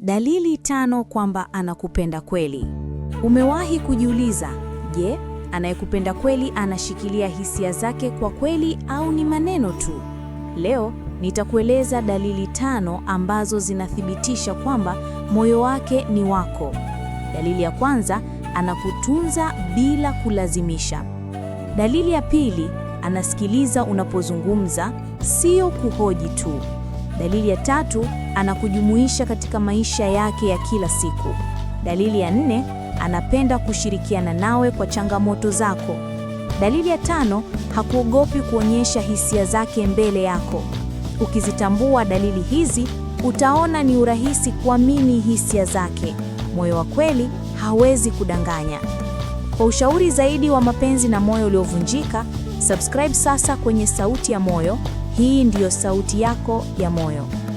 Dalili tano kwamba anakupenda kweli. Umewahi kujiuliza, je, anayekupenda kweli anashikilia hisia zake kwa kweli au ni maneno tu? Leo nitakueleza dalili tano ambazo zinathibitisha kwamba moyo wake ni wako. Dalili ya kwanza, anakutunza bila kulazimisha. Dalili ya pili, anasikiliza unapozungumza, sio kuhoji tu. Dalili ya tatu, anakujumuisha katika maisha yake ya kila siku. Dalili ya nne, anapenda kushirikiana nawe kwa changamoto zako. Dalili ya tano, hakuogopi kuonyesha hisia zake mbele yako. Ukizitambua dalili hizi, utaona ni urahisi kuamini hisia zake. Moyo wa kweli hawezi kudanganya. Kwa ushauri zaidi wa mapenzi na moyo uliovunjika, subscribe sasa kwenye Sauti ya Moyo. Hii ndiyo sauti yako ya moyo.